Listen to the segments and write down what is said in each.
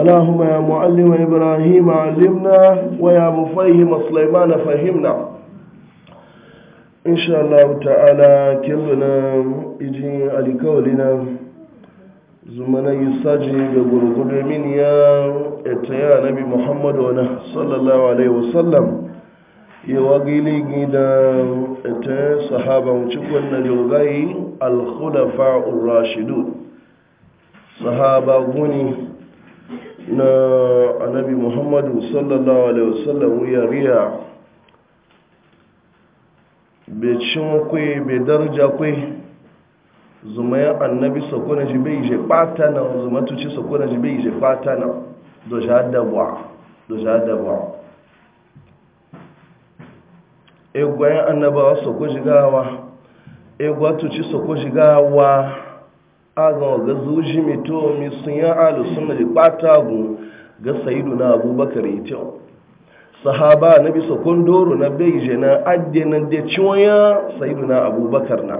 اللهم يا معلم إبراهيم علمنا ويا مفهم سليمان فهمنا إن شاء الله تعالى كلنا إجي على زمنا يساجي بغرغر من يا إتيا نبي محمد ونه صلى الله عليه وسلم يوغيلي جدا إتيا صحابة وشكونا لغاي الخلفاء الراشدون صحابة غني na anabi muhammadu sallallahu alaihi wasallam ya riya bai cin kwai bai darja kwai zuma ya annabi sakuna shi bai je fata na zuma tuci sakuna shi bai je fata na do shahada ba do shahada ba egwayen annabawa sako shigawa egwa tuci ji gawa e agan ga zuji mito mi sun yi alu suna da ɓata gun ga sayidu na abubakar yi kyau sahaba na bisa doro na beije na adde na da ciwon ya sayidu na abubakar na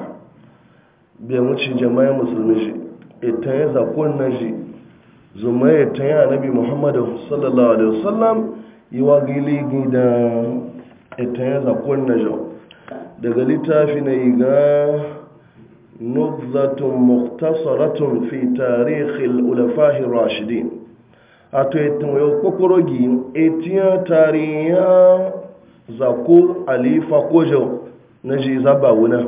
bai wuce jama'a musulmi shi ita ya zakon na shi zuma ya ta yi anabi muhammadu sallallahu alaihi wasallam yi wa gili gida ita ya zakon na shi daga littafi na yi ga نبذة مختصرة في تاريخ الألفاء الراشدين أتويتم يوكوكوروجي إتيا تاريا زاكو أليفا كوجو نجي زباونا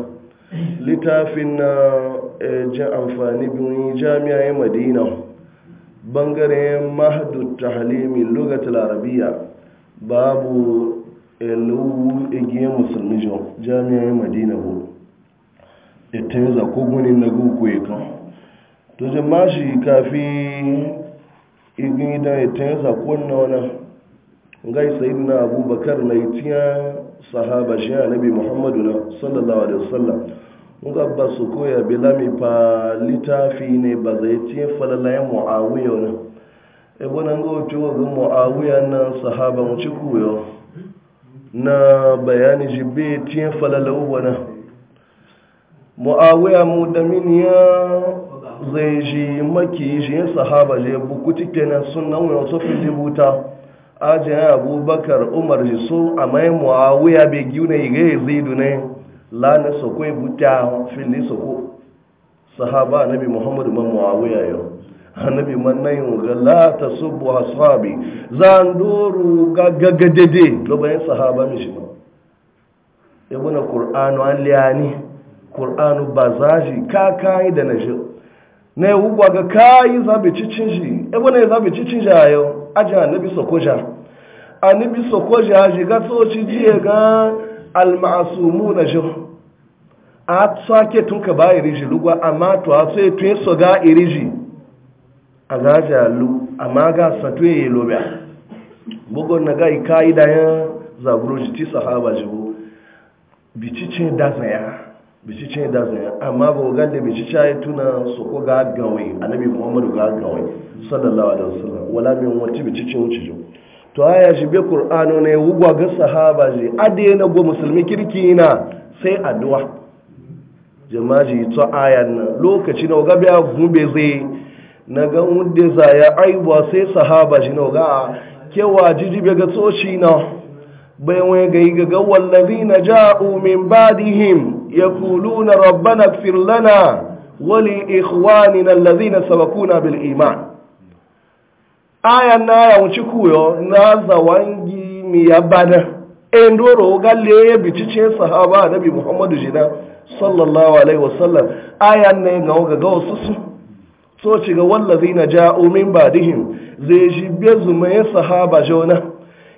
littafin jin amfani biyu jami'ai madina bangaren mahadu tahalimi lugatul arabiya babu elu igiyar e, musulmi jami'ai madina bu ita yi zakogunin na gukwe kan to ma shi kafi igin idan ita yi zakon na wani gai na abubakar na itiya sahaba shi ya nabi muhammadu na sallallahu alaihi wasallam nga ba su koya bilami fa littafi ne ba zai tiye falalayen mu'awiyya na ebe na ga wuce wa gun mu'awiyya na sahaba mu ci kuyo na bayani shi bai tiye falalayen wana mu'awiya mu da miniya zai ji maki shi yin sahaba je buku cike na sunan wani wasu fili buta ajiyar abubakar umar ji so a mai mu'awiya bai giyu na iga ya zai dune lana soko ya buta fili ko. sahaba nabi muhammadu man mu'awiya yau annabi man nan yin ga la ta subu ashabi zan duru ga gagadede lo bayan sahaba mishi ba Ibu na qur'anu an liyani ƙur'anu ba za shi ka kayi da na shi na yau gwa ga kayi zaɓi cicin shi ebe na yi zaɓi cicin shi a yau aji annabi sokoja annabi sokoja shi ga tsoci jiya ga almasumu na shi a tsake tun ka ba iri shi lugwa amma to a tsaye tun so ga iri shi a ga jalu amma ga satu ya yi lobiya bugun na ga kayi da yan zaburu shi ti sahaba shi bu bicicin da zaya bici ce da zai amma ba ga da bici ce tuna su ko ga gawai annabi muhammad ga gawai sallallahu alaihi wasallam wala min wati bici wuce jo to aya shi be qur'ano ne wugwa ga sahaba ji ade na go musulmi kirki na sai addu'a jama'a ji to ayan nan lokaci na ga biya gube zai na ga wunde za ya aibuwa sai sahaba ji na ga kewa jijibe ga tsoci na bai wani ga yi ga ga wallazi na ja'u min badihim يقولون ربنا اغفر لنا ولإخواننا الذين سبقونا بالإيمان آية na وشكويو نازا وانجي ميابانا endoro galle ya bici ce sahaba annabi Muhammadu jina sallallahu alaihi wasallam Aya ne ga ga ga wasu su so ci ga wallazina ja'u min badihim zai shi bezu mai sahaba jona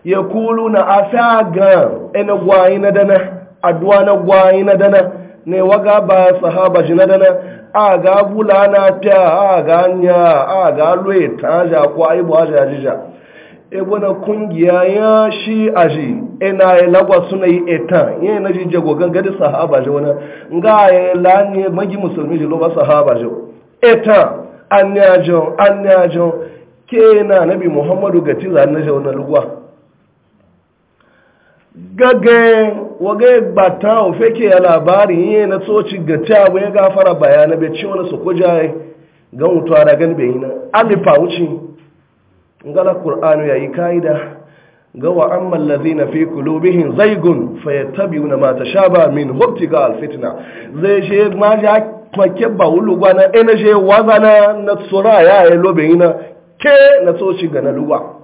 yakuluna asaga ina na dana addu'a na gwayi na dana ne waga ba sahaba ji na dana a ga bula na fiya a ga anya a ga loye ta ja ko ai bo aja jija e bona kungiya ya shi aji ina e ya e lagwa suna yi eta yi na ji jago gangadi sahaba ji wani nga ya e la ne magi musulmi ji loba sahaba ji eta anya jo anya jo ke na nabi muhammadu gatiza na ji wani lugwa gaggayen waga gbata ofe ke ya labari yi na tsoci ga ta bai gafara bayana bai ci wani soko jaye ga mutu a ragan bai yi na alifa wuce ngala qur'anu yayi kaida ga wa ammal na fi qulubihim zaygun fayattabi'una ma tashaba min hubtiga alfitna zai je ma ja kwake ba gwana ene je wazana na tsura ya yi lobe yi na ke na tsoci ga na luwa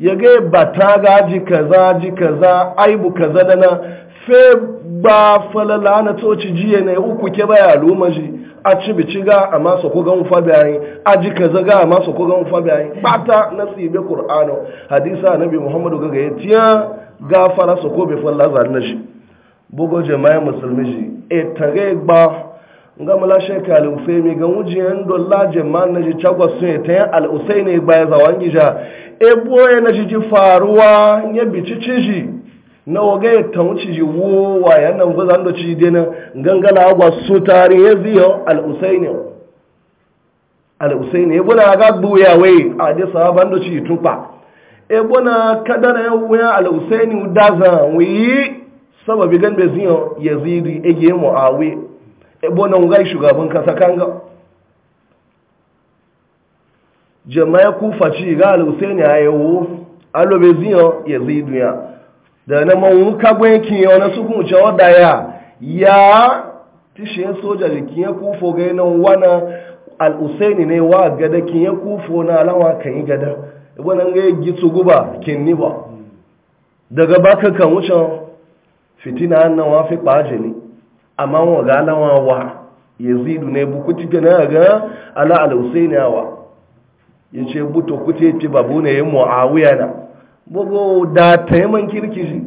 ya ga ba ta gaji kaza ji kaza aibu kaza dana fe ba falala na toci jiye ya uku ke baya luma ji a ci bici ga a masu kogon gan a ji kaza ga a masu ko gan ba ta bata nasibe kur'ano hadisa nabi muhammadu ga ga tiya fara su ko be falala zan shi bugo jama'a musulmi ji e tare ba ga mala shekka al-usaimi ga wujiyan dolla jama'an na ji cagwa sun yi ta yin al-usaini baya zawan gija ebo ya na ji faruwa e ya bici ciji e na waga ya ta wuce ji wowa ya nan guza da ciji dina gangana agwa su tare ya ziyo al-usaini al-usaini ebo na ga buya wai a da sahaban da ciji tupa ebo na kadana ya wuya al-usaini daza wuyi sababi gan beziyo yazidi ege mu'awi ebo nan gai shugaban kasa kanga jama'a kufa ci ga al'usaini husaini ayewo alobezion ya zai duniya da na mawun kagwen kiyo na sukun cewa da ya ya tishe soja jikin ya kufo ga yanan wana al'usaini na ne wa gada kin ya kufo na alawa kan yi gada ebo nan ga gitsu guba kin ni ba daga baka kan wucin fitina annan wa fi ɓaje ne amma wa galawa wa yazidu ne kuti tike na ga ala al-husaini wa yace buto kute ce babu ne ya muawiya na bugo da taiman kirkiji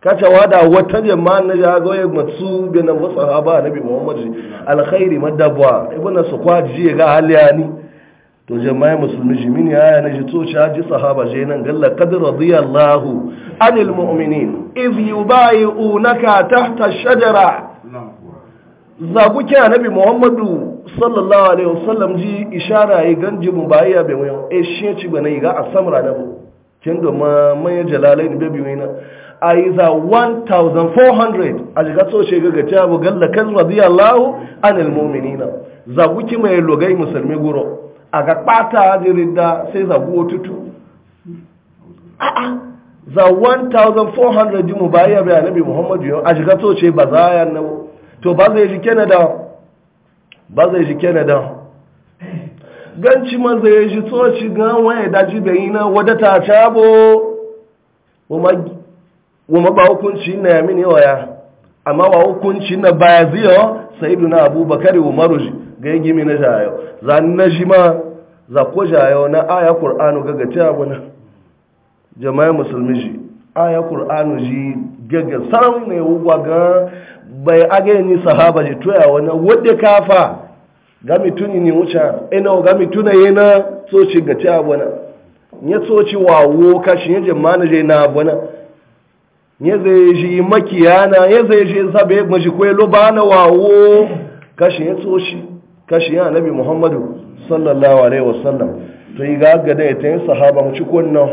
kace da wata jama'a na jago ya matsu ga na sahaba nabi muhammad alkhairi madabwa ibn ya ga ni to jama'a musulmi ya aya na jito caji sahaba je nan galla kad radiyallahu anil mu'minin iz yubayi'unaka tahta shajara zaku kya nabi muhammadu sallallahu alaihi wasallam ji ishara yi ganji mu bayya be wayo e eh, shi ci bana yi ga asamra nabu kin do ma mai jalalai be bai biyo ai za 1400 a ga so ce ga gata bu galla kan radiyallahu anil mu'minina zagu ki mai logai musulmi goro. a ga kpata jiridda sai go tutu a a za 1400 mu bayya be nabi muhammadu a ga so ce bazayan nabu ya to ba zai ji canada ba zai ji canada ganci ma zai ji tsoci ga waya daji bai na wadata ta bo wama ba hukunci na ya mini waya amma ba hukunci na baya ziyo sai na abubakar umaru ga yi gimi na jayo za na shi ma za ko jayo na aya kur'anu ga gaci abuna jama'a musulmi shi aya kur'anu ji gaga ne wugwa ga bai age ni sahaba je toya wani wadda kafa ga mituni ni wuce ina ga mituna na tsoci ga ta abuna ya wa wawo kashi ya na je na abuna ya zai makiya na ya zai ji zabe maji kwai lobana wawo kashi ya tsoci. kashi ya nabi muhammadu sallallahu alaihi wasallam to yi ga gada ya ta yi sahaba mu ci kunna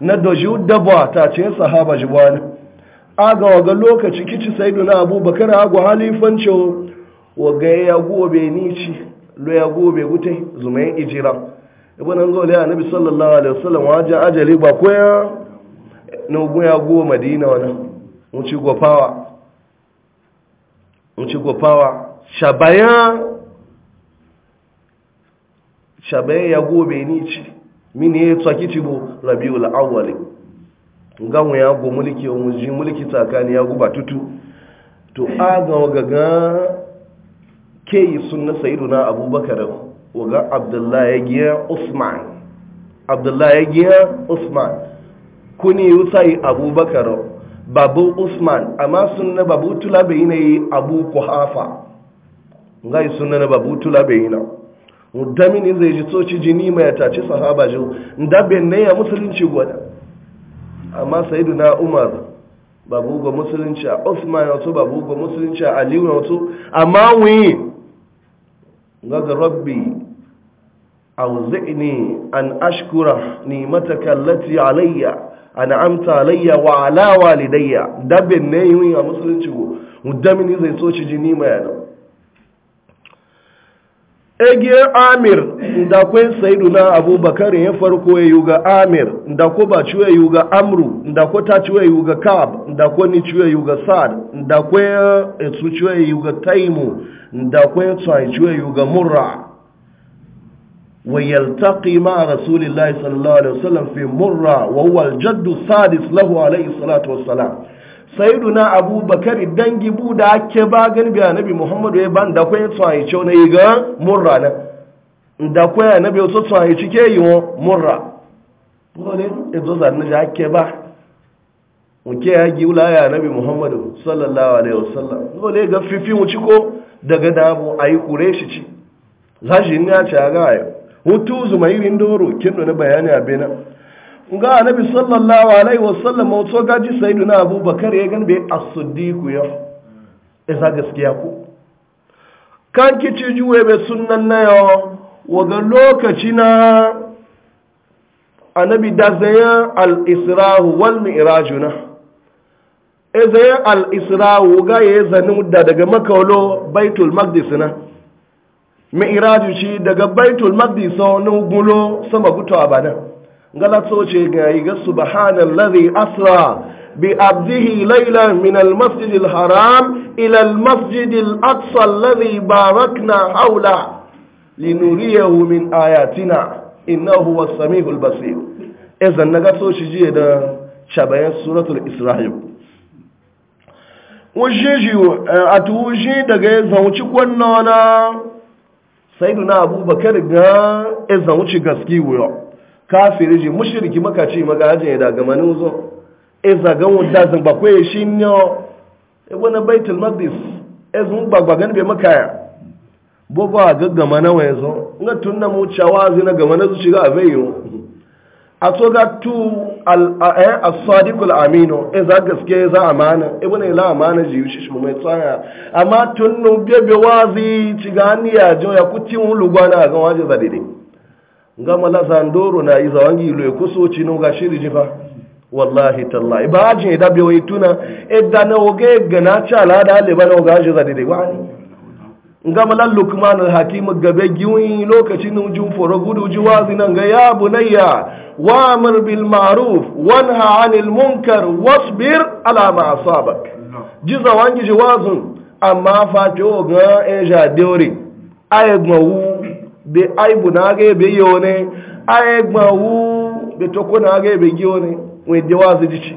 na dojiyu dabba ta ce sahaba ji wani aga waga lokaci kici sai duna abubakar agwa halifanci waga ya gobe nici lo ya gobe gute zumayin ijira ibn an ya nabi sallallahu alaihi wasallam waje ajali ba ko ya no ya go madina wana muci go pawa muci pawa shabaya shabaya ya gobe nici mini ya tsaki tibo rabiul awwal ganwa ya go mulki o muji mulki tsakani ya guba tutu to a ga gaga ke yi sunna sayyiduna abubakar waga abdullahi ya giya usman abdullahi ya giya usman kuni yusai abubakar babu usman amma sunna babu tula na yi abu kuhafa ngai sunna na babu tula bai yi na mudamini zai ji tsoci jini mai tace sahaba ji ndabe ne ya musulunci gwada amma na umar babu ga musulunci a osman wato babu ga musulunci a aliyu wato amma wuyi ga rabbi a ne an ashkura ni'mataka allati alayya amta alayya wa ala walidayya dabin ne yi a musulunci go damini zai so jini mai ege amir da kwen saiduna abubakar ya farko ya yi ga amir da ko ba ciwe yi ga amru da ko ta ciwe yi ga kab da ko ni ciwe yi ga sad da ya su ciwe eh, yi ga taimu da ko tsai ciwo yi ga murra wa yaltaqi ma rasulillahi sallallahu alaihi wasallam fi murra wa huwa al-jaddu sadis lahu alaihi salatu wassalam sayiduna abu bakar dangi bu da ake ba gani biya nabi muhammadu ya ban da kwaye tsaye ce wani yi ga murra na da kwaye nabi wasu tsaye cike yi wa murra wani izo zarni da ake ba muke ya gi ya nabi muhammadu sallallahu alaihi wasallam wani ga fifi mu ciko daga damu a yi kure shi ci zashi ni ya ce a ga ayo hutu zumairin doro kendo na bayani a benin ga annabi sallallahu alaihi wasallam wato gaji sayyiduna abubakar ya ganbe as-siddiq ya isa gaskiya ku kan kici juwe be sunnan na yo waga lokaci na annabi da zaya al-isra'u wal mi'rajuna ezaya al-isra'u ga ya zanu da daga makaulo baitul maqdis na mi'raju shi daga baitul maqdis na gulo sama gutu bana. galato ce ga yi ga subhanallazi asra bi abdihi laylan min almasjid alharam ila almasjid alaqsa alladhi barakna hawla linuriyahu min ayatina innahu was-sami'u al-basir idan na gato shi jiya da shabayan suratul isra'il wajiji eh, a tuji daga ya zauci kwanna na sayyiduna abubakar ga ya zauci gaskiya kafiri ji mushiriki maka ci maga hajin ya daga mani uzo e zagan wuta zan bakwai ya shi ne e wani baitul maqdis e zun gbagba gani bai makaya bobo a gaggama na waye zo na tun na mu cawazi na gama na su shiga a bai yi a to ga tu a eh, sadikul amino e za gaske e za amana e wani ila amana ji shi shi mai tsaya amma tun nu bebe wazi ci ga hannu ya jo ya kutin lugwana ga waje za daidai nga mala zandoro na iza wangi ilo ekoso chino ga shiri jifa wallahi talla ba ajin da biyo ituna edda na oge gana chala da le bana oga jiza de wani nga mala lukman al hakim gabe giwi lokacin jun foro gudu ji wazi nan ga ya bunayya amr bil ma'ruf wanha 'anil munkar wasbir ala ma asabak jiza wangi ji amma fa jo ga eja deore ayegbon be aibu na agha ebe ihe one aya gbawu be toko na agha ebe gi one we de wazi dici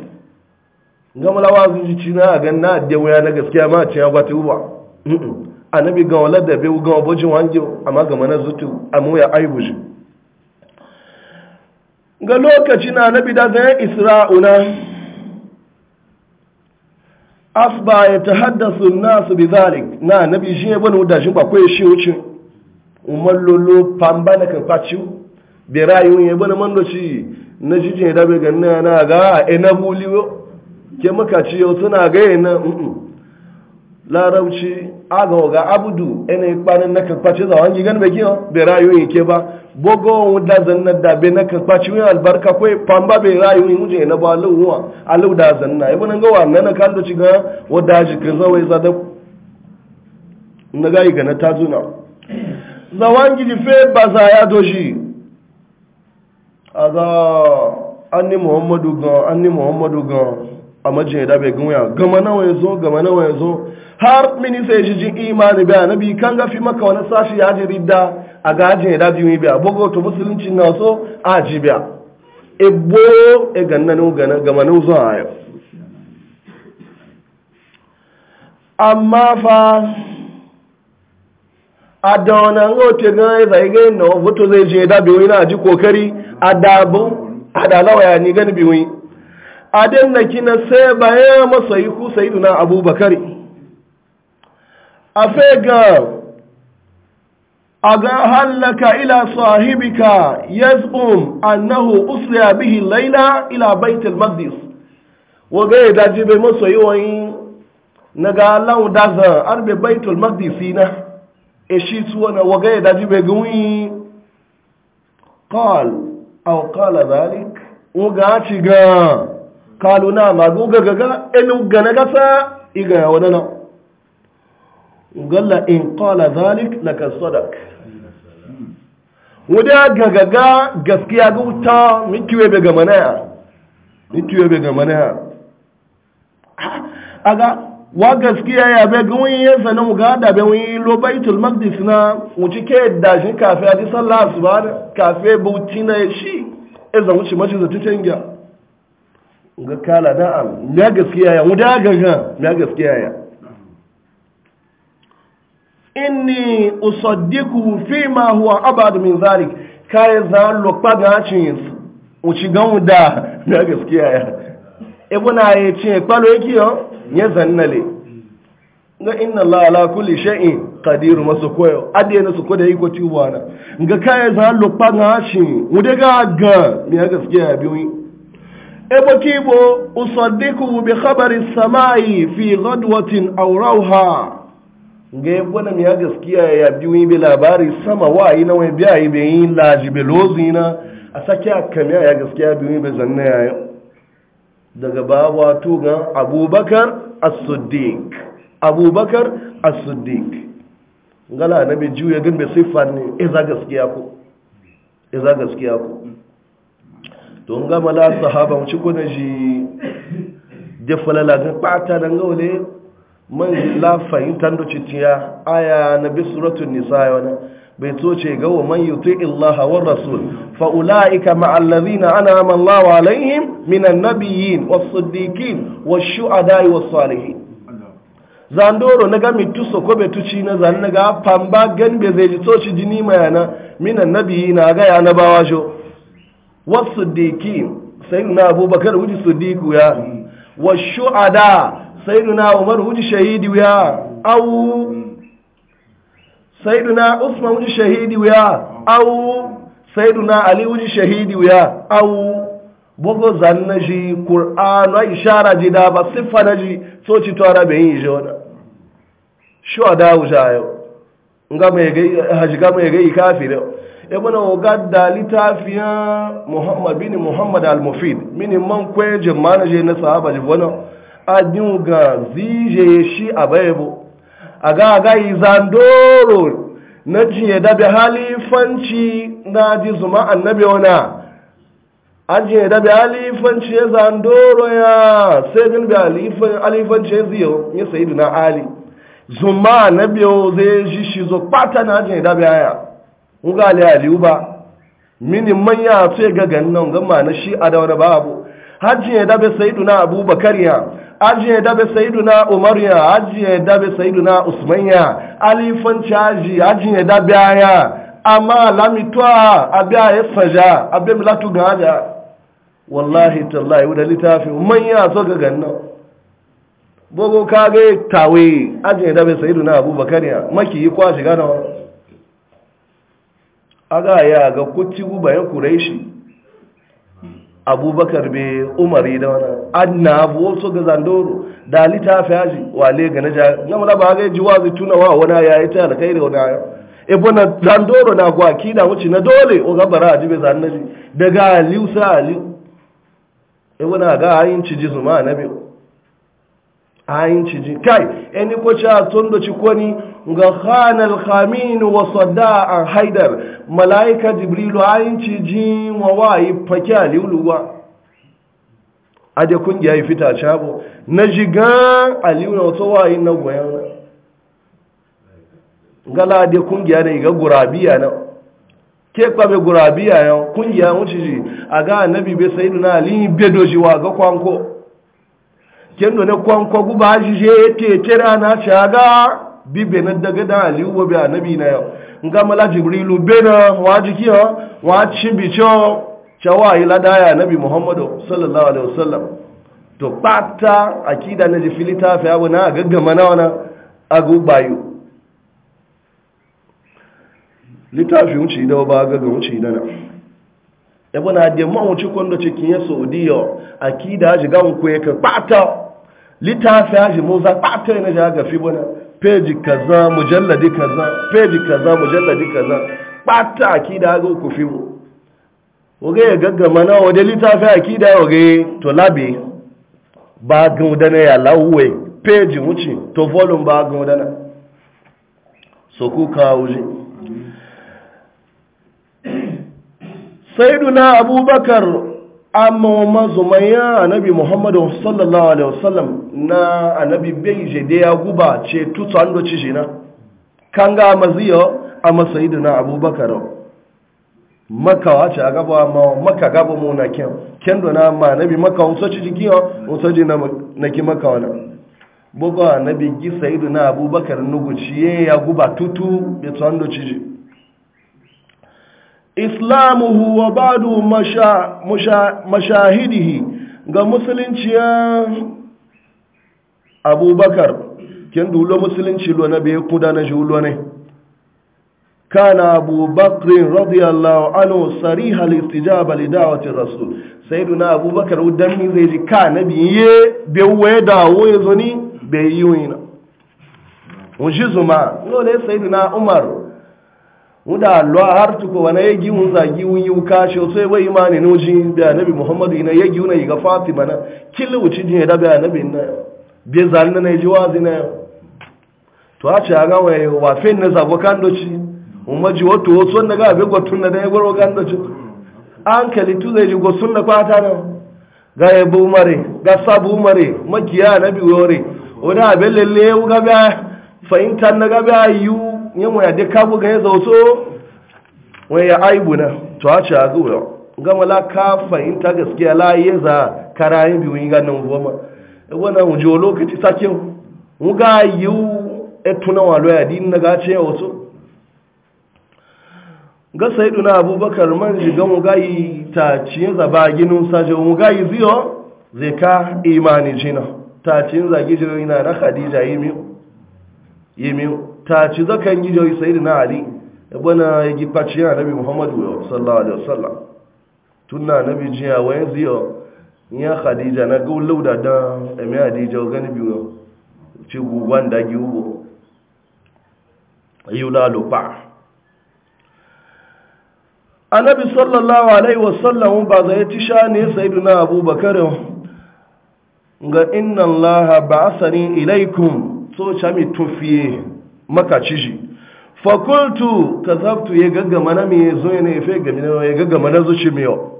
gamala wazi dici na ga na de waya na gaskiya ma cin agwati uba annabi ga wala da be ga boji wange amma ga mana zutu amma ya aibu shi ga lokaci na annabi da zai isra'una asba ya tahaddasu an-nas bi dhalik na annabi shi ya bani da shi ba kai shi wucin umar lolo pamba na kan kwaci bai rayuwa ya bane man doci na jijin ya dabe ganin yana ga na e buliwo ke makaci yau suna ga yana e larauci aga ga abudu ene kpanin na kan kwaci zawon gan bai kiyo bai rayuwa ya ke ba bogo wuda zanna da be na kan kwaci wani albarka kwai pamba bai rayuwa ya muje na ba lauwa alau da zanna ya bane ga wannan na kan doci ga wadda ji kan zawai zada na gayi ga na tazuna zawangiji fe baza ya a aza anni muhammadu gan anni muhammadu gan a majin dabe gan ya gama ya zo gama nawa ya zo har minista ya jijin imani biya na bi kan gafi maka wani sashi ya ji ridda a gajin ya dabi yi biya bugu to musulunci na so a ji biya ebo e, e gannanin gana gama nan zuwa yau amma fa a da wani an ote zai gani na wato zai je da biyu na ji kokari a dabu a da lawaya ni gani biyu a dan na kina sai bayan masa yi ku sai abubakar a fe ga a ga hallaka ila sahibika yazbum annahu usriya bihi laila ila baitul maqdis wa ga ya daji bai masa yi wani na ga lawu dazan arbe baitul maqdisina eshi tuwana waga ya daji bai gwi qal aw qala zalik uga ci ga kalu na ma guga gaga in ga gasa iga ya wadana galla in qala zalik laka sadak wuda gagaga gaskiya ga wuta mitiwe bai ga manaya mitiwe bai ga manaya aga wa gaskiya ya bai ga wani ya zane mu ga da bai wani lo baitul maqdis na wuce ke da shi kafe a ji sallah asuba da kafe bauti na shi e zan wuce mace zata canja ga kala da am ya gaskiya ya muda gaga na gaskiya ya inni usaddiku fi ma huwa abad min zalik kai za lo paga chin wuce ga muda ya gaskiya ya e bona ya ce kwalo yake yo ya zannale ga inna Allah ala kulli shay'in qadir masu koyo ade na su koda iko tuwa na ga kai za pa na shi mu de ga ga mi gaskiya ya biyu ki bo usaddiku bi khabari samai fi ghadwatin aw rawha ga ebo na mi gaskiya ya biwi bi labari sama wa ina wai biya yi be yin laji be lozina a sakiya ya gaskiya biwi be zanna ya daga wato ga abubakar as-siddiq abubakar as-siddiq ngala nabi juya gan bai siffa ne iza eh, gaskiya ku iza eh, gaskiya ku to nga mala sahaba mu ci kuna ji da falala ga pata nan gaule, man la fahimtan do citiya aya nabi suratul nisa yana bai toce ga wa man yuti illaha wa rasul fa ulaika ma allazina an'ama Allahu alaihim minan nabiyyin was siddiqin was shuhada was salihin zandoro na ga mitu ko be tuci na zan na ga pamba gan be zai ji toci jini mai yana, minan nabiyina ga ya na bawa jo was siddiqin sayyidina abubakar wuji siddiqu ya hmm. was shuhada sayyidina umar wuji shahidi ya au sayyiduna usman wuji shahidi wuya au sayyiduna ali wuji shahidi wuya au bugo zanna ji qur'an wa ishara ji da ba siffa na ji so ci to arabe yin ji wona shu ada wujayo nga mai ga haji ga mai ga kafir e bana o gadda litafiya muhammad bin muhammad al-mufid min man kwe je manaje na sahaba ji wona adin ga zije shi abayebo aga aga izandoro na jiye da bi halifanci na ji zuma annabi wana ajiye da bi halifanci ya zandoro ya sai bi halifanci ya ziyo ya sayi na ali zuma annabi zai ji shi zo pata na ajiye da bi haya nga ali ali ba mini manya sai ga gannan ga ma na shi a babu hajji ya dabe sayyiduna abubakar ya ya dabe sayiduna umar ya dabe saidu na usmanya alifan caji ya dabe aya amma lamitwa abia ya saja abiya milatu ga haja wallahi tallahi wadda littafi manya so ga ganna bogo kage tawe ya dabe na abubakar ya maki yi kwashi gana wa aga ya ga kuci guba ya kureshi abubakar be umari da wani adina abu wasu ga zandoro da lita haji wale ga na jari na mula ba jiwa ji tuna wa wani ya yi ta kai da wani ya ebo na zandoro na gwaki na wuce na dole o gabara aji bai zan daga aliyu sa aliyu ebo na ga ayin ciji zuma na biyu ayin ciji kai eni ko cha tondo ci ga khanal khamin wa sadda an haidar malaika jibrilu ayin ci ji wa wayi fake aliuluwa a da kungiya ya fita cabo na jiga aliyu na wato wayi na goyon gala da kungiya da iga gurabiya na ke kwame gurabiya yau kungiya wuce ji a ga na bai sai duna aliyu bai doji wa ga kwanko kendo na kwanko guba shi je tete rana ci bibe na daga da aliyu wabi annabi na yau nga mala jibrilu bena wa jiki ha wa chibi cho chawa ila daya nabi muhammadu sallallahu alaihi wasallam to pata akida na jifilita fa abu na gaggama na wana agubayu litafi wuce da ba gaggama wuce da na yabo na de mu wuce kondo cikin ya saudiyo akida ji ga ku ya ka pata litafi ji mu za pata ne ga fi bona peji kaza mujalladi kaza peji kaza mujalladi kaza pata akida ga ku fi mu oge ya gaggama na wade fi akida oge to labi ba gaudana ya lawwe peji wuce to volume ba gaudana so ku kawo ji sayyiduna abubakar amma wamma zumaya annabi muhammadu sallallahu alaihi wasallam na anabi bai je da ya guba ce tutu an doci shi na kan ga maziyo a masayidu na abubakar maka wace a gaba ma maka gaba mu na kyan kyan ma anabi maka wasu ci jiki wasu ji na ki maka wani bugu gi sayidu na abubakar nuguci ya guba tutu bai tuwan doci shi islamuhu wa ba'du masha, mashahidihi ga ya abubakar kin dulo musulunci lo na bai kuda na julo ne kana abubakar radiyallahu anhu sariha al-istijaba li da'wati rasul sayyiduna abubakar udan min zai ji ka nabi ye bai waye dawo yazo ni bai yi wina mujizuma lole sayyiduna umar muda lo har ko wana yagi un zagi un yu kasho sai wai imani ne jin bi annabi muhammadu ina yegi una ga fatima na killa wuci jin da bi annabi na bi zalna na ji wazi na to a ce aga wai wa fen na zago kando ci umma ji wato wato na ga be gwatun na da ya goro kando ci an kali tu zai ji gotun na kwata na ga ya bu mare ga sabu mare makiya annabi wore wani abin lalle ga ba fahimtar na ga ba nye mu ya de buga ya zauto wai ya aibu na to a ci a zuwa gama la ka fahimta gaskiya la ya za karayin biyu yi ganin goma e wannan wujo lokaci sakin mu ga yi etuna walo ya din na gace ya wato ga duna abubakar man shiga mu ga yi ta ci zaba ginin sashe mu ga yi ziyo zai ka imani jina ta ci zagi jina na khadija yi miyu yi miyu ta ci zakan yi joyi sayi na ali bana ya gi faci ya nabi muhammadu sallallahu alaihi wasallam tunna nabi jiya wayan ziyo ya khadija na go lauda da emi khadija gani biyo ci guban da gi ubo yula lo pa annabi sallallahu alaihi wasallam ba zai ci shani sayyidina abubakar ga inna allaha ba'athani ilaikum so chami tufiye makaci shi fakultu ka zaftu ya gaggama na mai zo ya ne fe gami na ya gaggama na zuci miyo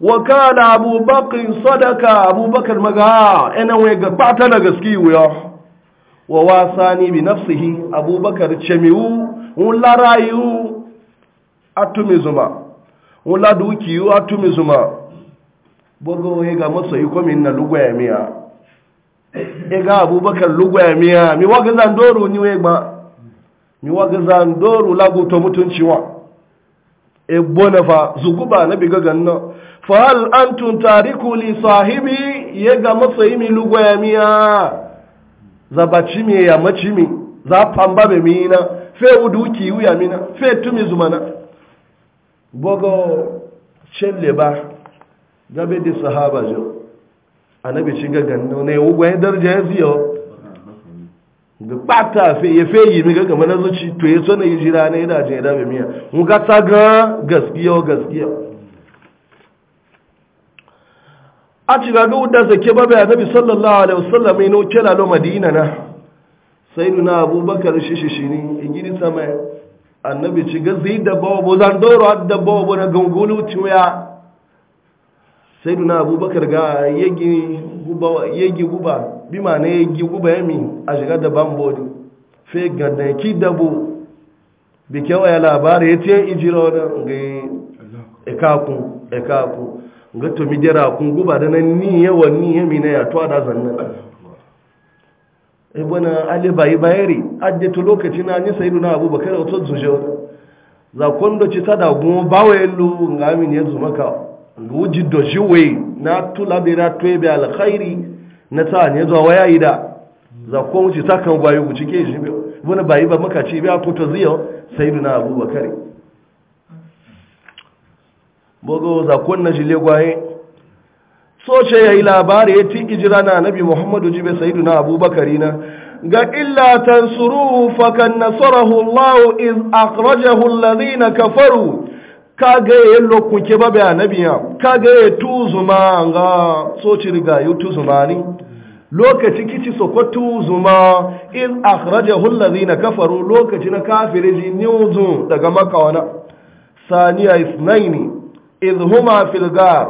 waka da abubakar sadaka abubakar maga ina wai ga fata na gaske wuyo wa wasa ni bi nafsihi abubakar chemiwu wula rayu a tumi zuma wula dukiyu a tumi zuma bogo ya ga masoyi komin na lugwaya miya ga abubakar lugwaya miya mi waga zandoro ni we gba mi waga zandoro lagu to mutunciwa e bona fa zuguba na biga ganno fa hal antum tariku li sahibi ye ga masayi mi lugwaya miya za bacimi ya macimi za pamba be mina fe wuduki uya mina fe tumi zumana bogo chelle ba gabe de sahaba jo anabi shiga ganna ne ugwan darja ya ziyo da pata fe ya fe yi miga game na zuci to ya so na yi jira ne yana jin ya miya mu ga ta ga gaskiya gaskiya a ci ga gudda zake babe annabi sallallahu alaihi wasallam ino kela lo madina na sai nuna abubakar shishishi ne in gidi sama annabi ci ga zai da bawo bo zan doro da bawo na gungulu tiya saiduna abubakar ga yagi guba bi ma na yagi guba yami a shiga da bambodi fe ki dabo bi kewa ya labari ya ce ijira wani ga e ekakun ekakun ga tomi midira kun guba da nan ni yawa ni yami na ya tuwa da zannan ibana e ali alibayi bayari addatu lokaci na ni sai na abubakar otu zuje za kwando ci ta da gumo bawa lu ga amin ya zumaka wuji doji wai na tula bai na tuwe bai alkhairi na ta ne zuwa waya yi da za ko wuce ta kan bayu wuce ke shi wani bayi ba maka ce bai ko ta ziyo sai duna abubakar bogo za ko na jile gwaye so ce yayi labari ya ti ijira na nabi muhammadu jibe sayyiduna abubakari na ga illa tansuruhu fakan nasarahu allah iz akhrajahu alladhina kafaru ka gaya ya lokun ke babe ka gaya ya tuzuma ga so ci yu tuzuma ni lokaci kici so ko tuzuma in akhrajahu allazina kafaru lokaci na kafiri ji niuzu daga makka wana saniya isnaini idh huma fil gar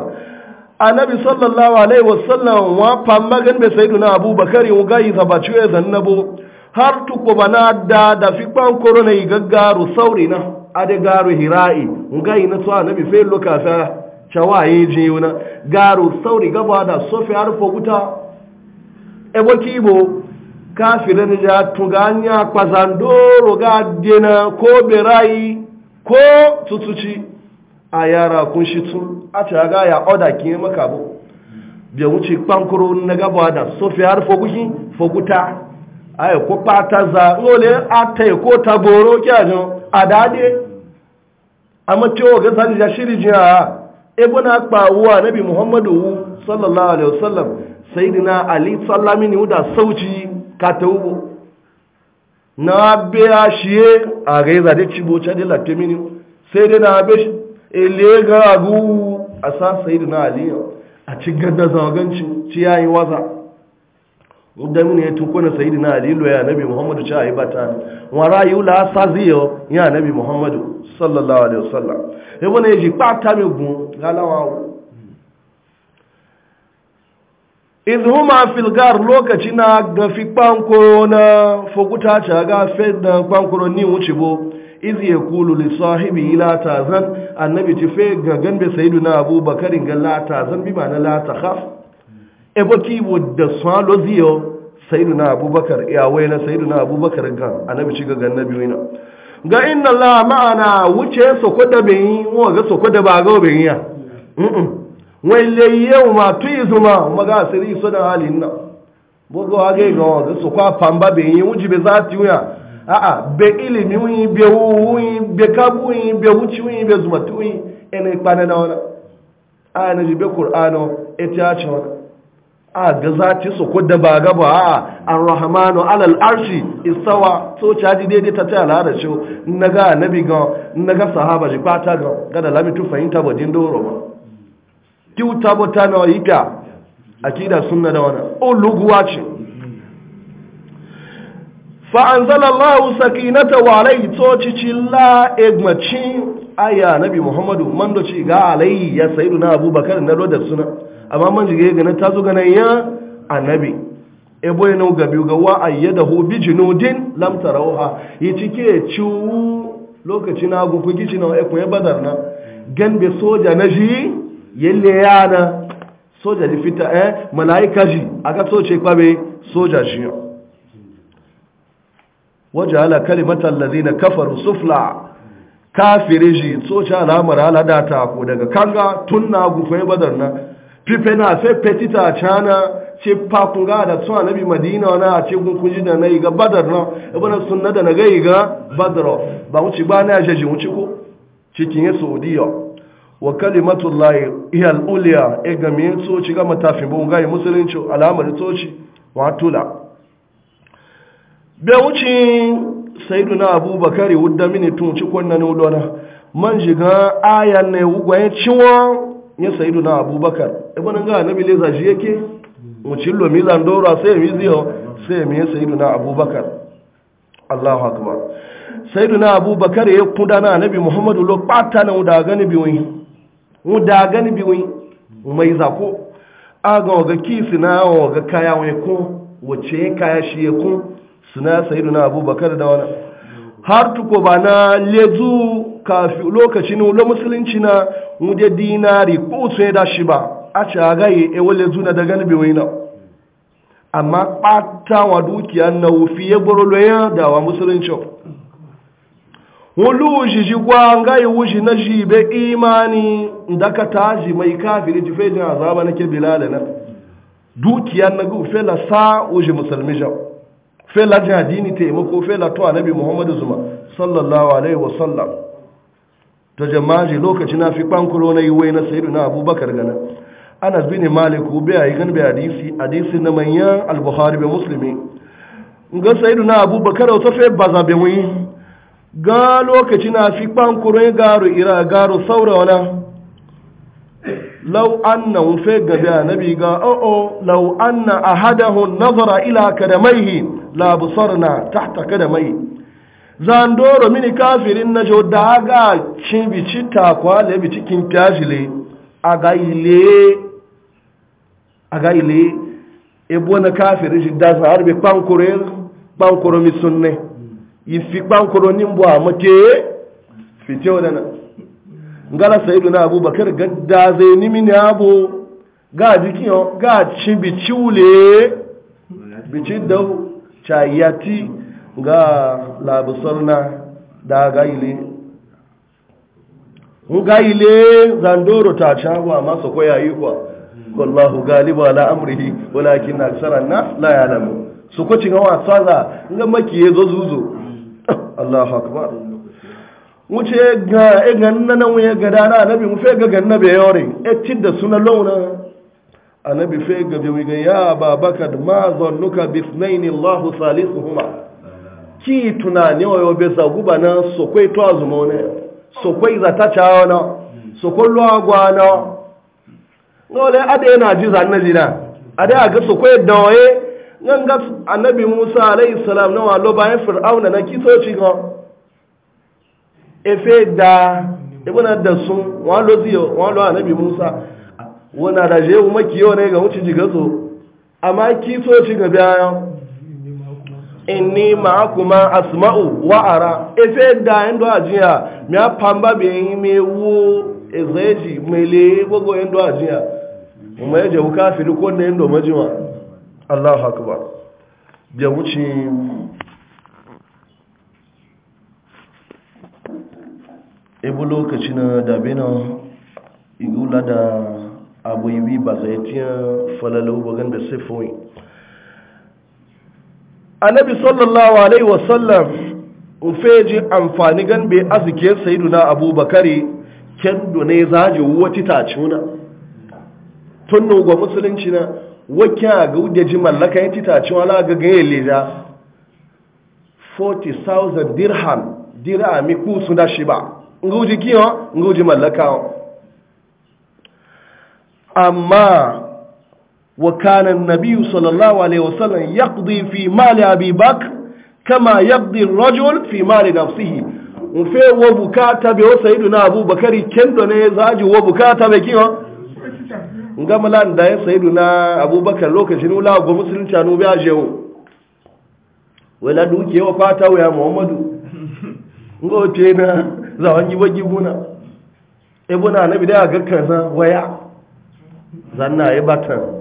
annabi sallallahu alaihi wasallam wa pamagan be sayyiduna abubakar wa gayi zabaciwe zannabo har tuko bana da da fi kwan korona yi gaggaru saurina ade garu hira'i ngai na tsawa nabi fe lokasa chawaye jiuna garu sauri gaba da sofi har foguta ebo kibo ne ja tuganya kwazandoro ga dena ko berayi ko tutuci a yara kun shi tun a ga ya oda ki maka bu bi wuce kwankuro na gaba da sofi har guki foguta ayo ko pata ngole ate ko taboro kyajo adade amma cewa ga sani ya shiri jiya ebo na kpawo nabi muhammadu sallallahu alaihi wasallam sayyidina ali sallami ni da sauci ka taubo na be a shiye a ga yi da cibo cha da latte mini sai dai na be ele ga agu a sa sayyidina ali a ci gadda zaganci ci yayi waza da mini ya tuko na sayidi na alilu ya nabi muhammadu ci a yi bata wa rayu la saziyo ya nabi muhammadu sallallahu alaihi wasallam ya wani yaji kpata mi gun galawa izhuma filgar lokaci na gafi kpankoro na fokuta ci a gafe da kpankoro ni wuce bo izi ya kulu li sahibi la tazan annabi ci fe gangan bai sayidu na abubakarin ga la tazan bi ma na la takhaf ebo kibo da salo ziyo sayyidina abubakar ya waina sayyidina abubakar ga annabi shiga ga annabi waina ga inna allah ma'ana wuce soko da bin wa ga soko da ba ga bin ya mm walle yau ma tuyizuma maga sirri sunan halin na bogo age ga wa ga soko pamba bin yi wuji be zati ya a a be ilimi wi be wi be kabu wi be wuci wi be zuma tuwi ene kwana na wana a na jibe qur'ano etiacho a ga zati su kudda ba ga ba a arrahmanu alal arshi istawa so caji daidai ta tayar da shi na ga nabi ga na ga sahaba ji fata ga ga lami lamitu fahimta ba din doro ba kiuta bota na yita akida sunna da wannan o luguwa ce fa anzalallahu sakinatahu alayhi to cicilla egmaci aya nabi muhammadu mando ci ga alayhi ya sayyiduna abubakar na lo amma man jige ga na tazo ga nan ya annabi e boye no ga biu ga wa ayyadahu bi junudin lam tarawha yitike chu lokaci na gu ku gici na e ku badar na gan be soja na ji yalle yana soja ji fita eh malaika ji aga ce kwabe soja ji waja'ala kalimatal ladina kafaru sufla kafiri ji soce alamar halada ta ko daga kanga tunna gufai badar na pipe na fe petita chana ce papunga da tsuwa nabi madina na a ce kunkuji da na yi ga badar na ibana sunna da na ga yi ga badar ba wuce ba na yaje jin wuce ko cikin ya saudiya wa kalimatu lahi iya al'uliya e game mi tsoci ga matafin bon gayi e musulunci alamar tsoci wa tula bai wuce na abubakar wudda mini tun cikon kwanan wudona. man jiga ayan ne ugwaye ciwon ya sayidu na abubakar ibn e, ga annabi le zaji yake mu cillo mi zandora sai mi ziyo sai mi sayidu na abubakar allahu akbar sayidu na abubakar ya kuda na annabi muhammadu lo pata na uda gani bi mu da gani biwi mai zako aga ga kisi na ga kaya wai ko wace kaya shi ya ku suna sayidu na abubakar da wani har tuko ba na lezu kafi lokaci ne lo musulunci na wuje dinari ko su ya dashi ba a ci a gaye e wale zuna da gani wai na amma ɓata wa dukiya na wufi ya gboro loya da wa musulunci wulu wuji ji gwa gaye wuji na ji be imani ndaka taji mai kafin ji fejin azaba na ke bilala na dukiya na gu fela sa wuji musulmi jau fela jihadini taimako fela to annabi muhammadu zuma sallallahu alaihi wasallam ta jamaji lokaci na fi kwankuro na wai na sayidu na abubakar gana anas bin maliku bai yi gan bai hadisi hadisi na manyan al-bukhari bai muslimi ga sayidu na abubakar wata fe baza bi wani ga lokaci na fi kwankuro ya garu ira garu saura wana lau anna wufe na annabi ga o'o oh, oh, lau anna ahadahu nazara ila kadamaihi la busarna tahta kadamaihi zandoro mini kafirin na jo da aga cin bici takwa le bici kin tajile aga ile aga ile ebo na kafirin shi da har bi pankore pankoro mi sunne ifi pankoro ni mbo amake fite wadana ngala sa'idu na abubakar gadda zai ni mini abu ga jikin ga cin bici wule bici dau chayati ga labusarna da gaile gaile zandoro ta cagwa masu koya yi kwa wallahu galiba ala amrihi walakin aksara na? la ya'lamu su ko cin wa tsala ga makiye zo zuzo Allahu akbar wuce ga e ganna nan wuya ga dara annabi mu fe ga ganna be yore e tin da suna launa anabi fe ga be ga ya babaka ma zannuka bi ithnain Allah salisuhuma ki tunani oyo beza guba na sokwe to azumone sokwe za ta chawo na sokwe lo agwa na ngole ade na jiza na jina ade aga sokwe nan ga annabi Musa alayhi salam na walo bayan e fir'auna na kiso ci go efe da ibuna da sun walo ziyo walo annabi Musa wana da je umakiyo ne ga wuce jigazo amma kiso ci ga bayan inni ma'akuma asma'u wa ara efe da ndo ajiya mi pamba bi yi mi wo ezeji mele gogo ndọ ajiya ma je u kafiru ko ne ndo majima Allahu akbar bi wuci ebu lokaci na dabina igula da abu yi bi ba zai tiya falalau bagan da annabi sallallahu alaihi wasallam ufeji amfani gan bai azike sayyiduna abubakari kendo ne zaje wati cuna tunno ga musulunci na wakya ga wudde ji mallaka ta cuna la ga gaye leja 40000 dirham dirami ku suna da shi ba nguji kiyo nguji mallaka amma وكان النبي صلى الله عليه وسلم يقضي في مال أبي بكر كما يقضي الرجل في مال نفسه وفي وبكاتا به سيدنا أبو بكر كندو نيزاج وبكاتا بكيو ngama lan da ya na abubakar lokacin wula ga musulunci a nubi a jewo wala duke wa fata wa ya muhammadu Ngo wace na na bidaya ga kaza waya zanna e batan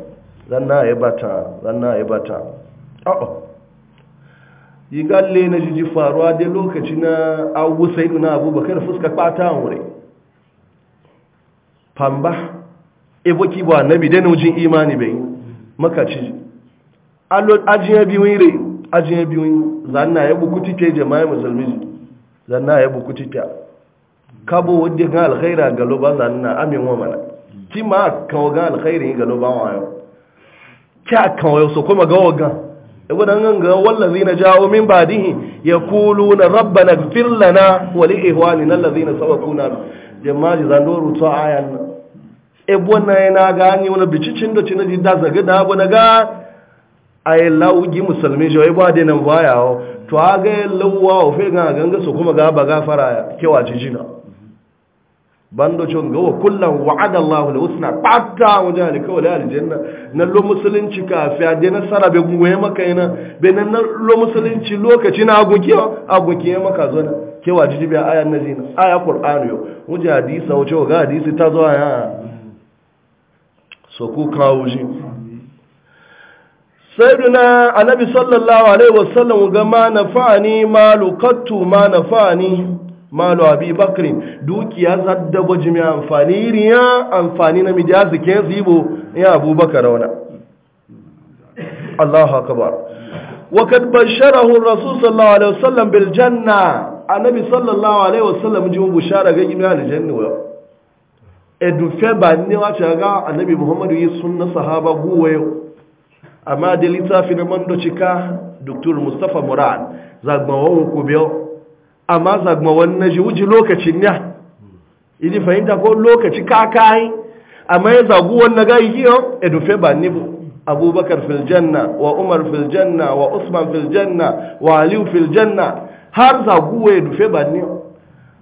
zanna ya bata zanna ya bata a'a yi galle na jiji faruwa dai lokaci na abu sai na abubakar fuska kwata wuri famba eboki ba nabi dai nujin imani bai makaci ajiyar biyun re ajiyar biyun zanna ya bukuti ke jama'a musulmi zanna ya bukuti ta kabo wadda ga alkhaira galo ba zanna amin wa mana kima kawo ga alkhairi galo ba wa yau kya kan wayo so kuma ga waga ibn an ga wallazina jawo min badihi yaquluna rabbana wali lana na li ihwanina allazina sabaquna jama'a zan doru to ayan ibn na yana ga ni wani bicicin da cin da zaga da abu na ga A yi lawgi musulmi jo ibn da nan baya to aga lawa ofe ga ganga so kuma ga ba gafara kewa jijina bando chon gawa oh, kullum wa'ada Allahu da husna qatta wajen alkawali aljanna na lo musulunci ka fi ade na sara be gungoye maka yana be nan na lo musulunci lokaci na agunki agunki ya maka zo na ke wajibi be aya na zina aya qur'an yo wajen hadisi wace ga hadisi ta zo ya so ku kawo shi sayyiduna annabi sallallahu alaihi wasallam ga ma nafa'ani ma luqattu ma nafa'ani malu abi bakrin dukiya zaddaba jimi amfani riya amfani na mijiya zike zibo ya abubakar wana Allahu akabar. wa kad basharahu rasul sallallahu alaihi wasallam bil janna annabi sallallahu alaihi wasallam ji mu bushara ga gimi al janna wa edu fe ba ne wa ta ga annabi muhammadu yi sunna sahaba yau. amma da litafi na mando cika dr mustafa murad zagbawo ko biyo amma zagma wannan shi wuce lokacin ya idi fahimta ko lokaci kakai amma ya zagu wannan gayi kiyo edufe ba ni abubakar fil wa umar fil wa usman fil wa aliyu fil har zagu wa edufe ba ni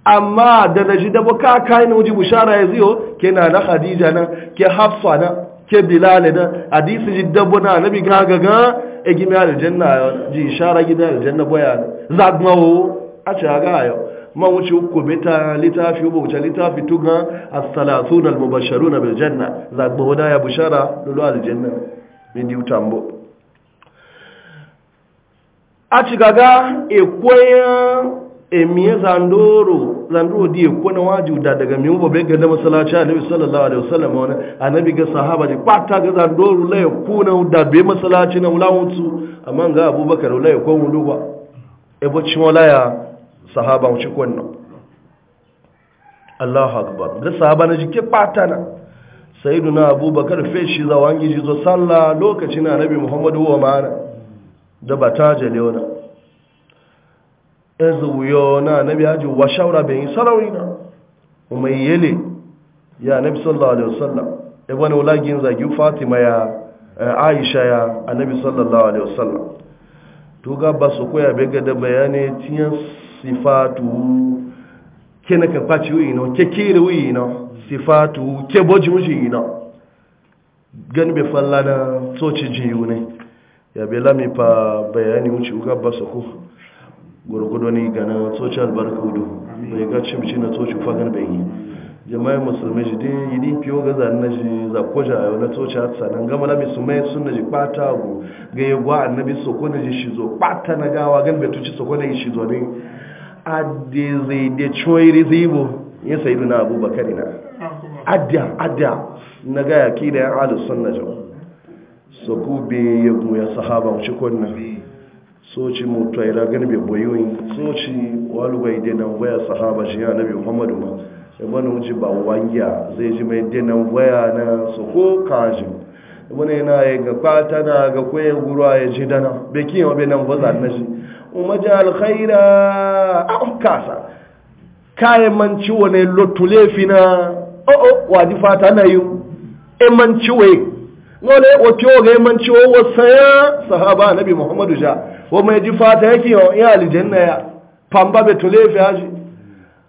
amma da na shi dabo kakayi na wuce bushara ya ziyo ke na na hadija na ke hafsa na ke bilal na hadisi ji dabo na nabi gagaga e gimi aljanna ji ishara gimi aljanna boya zagmawo a ci haga a yau man wuce uku beta littafi wuce littafi tuga a salatu na mubasharu na biljanna zagba wada ya bushara lulu aljanna min diu tambo a ci gaga ekwayen emiye zandoro zandoro di ekwo na waji da daga min mbo bega da masalaci a annabi sallallahu alaihi wasallam wani annabi ga sahaba ji kwata ga zandoro la ekwo na da be masalaci na mulawunsu amma ga abubakar la ekwo b'a ebo chimola ya sahaba wuce wannan Allahu akbar da sahaba na jike patana na abubakar feshi zawangi jizo sallah lokaci na nabi muhammadu wa mana da ba ta jaleona ezuyo na nabi haji wa shawra bin sarawina umayyele ya nabi sallallahu alaihi wasallam ibn ulagin zagi fatima ya eh, aisha ya nabi sallallahu alaihi wasallam to ga ba su koya bai gada da bayani tiyan sifatuhu ke ka karfaci wuyi na ke kiri wuyi na sifatuhu ke boji wuji na gani bai falla na tsoci jiyu ne ya bai lami fa bayani wuce uga ba su ku gurgudu ne ga na tsoci albarka hudu bai ga cimci na tsoci fagan bai yi jama'in musulmi ji din yi din fiyo ga zan na ji za koja ja yau na tsoci har sanan gama su mai sun na ji kwata gu ga ya gwa annabi soko na ji shi zo kwata na gawa gan bai tuci soko na yi shi zo ne adizide zai rizibo coyiri zibo ya sayi duna abubakar na adda adda na gaya ki da yan alu sunna jau so ku be ya goya sahaba wuce kwanna so ci mu tayra gani be boyoyi so ci walu bai da waya sahaba shi ya nabi muhammadu ma ya bani wuce ba wangiya zai ji mai da waya na so ko kajin wani na ya ga kwata na ga kwaye guruwa ya ce dana bekin yau bai nan baza na shi umarci alkhaira a kasa kayan manci wani lotule fi na o'o oh, oh, waji fata na yi in e manci wai wani wato ga e manci wa wasa ya sahaba nabi muhammadu sha wa mai ji fata yake yau ya alijanna ya pamba betule fi haji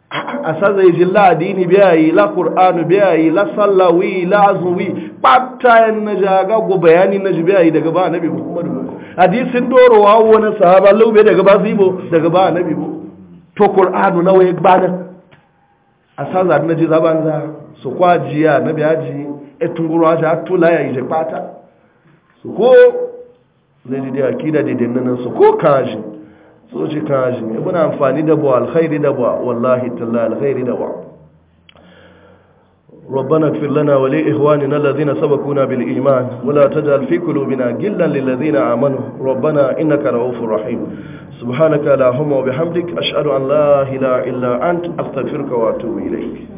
a sazai ji la adini biya yi la kur'anu biya yi la sallawi la azuwi pata yan na jaga go bayani na ji biya yi daga ba annabi muhammadu hadisin wa wani sahaba laube daga ba zibo daga ba bi bu to kur'anu na ya bana a na ji zaban za su kwajiya na biya ji e tunguru ja tula ya ije pata su ko zai ji da akida de nan su ko kaji so ce kaji muna amfani da buwa alkhairi da buwa wallahi talla alkhairi da buwa rabbana fi lana wa li ihwanina alladhina sabaquna bil iman wa la tajal fi qulubina gillan lil ladina amanu rabbana innaka rauful rahim subhanaka la humma hamdik bihamdik ashhadu an la ilaha illa ant astaghfiruka wa atubu ilayk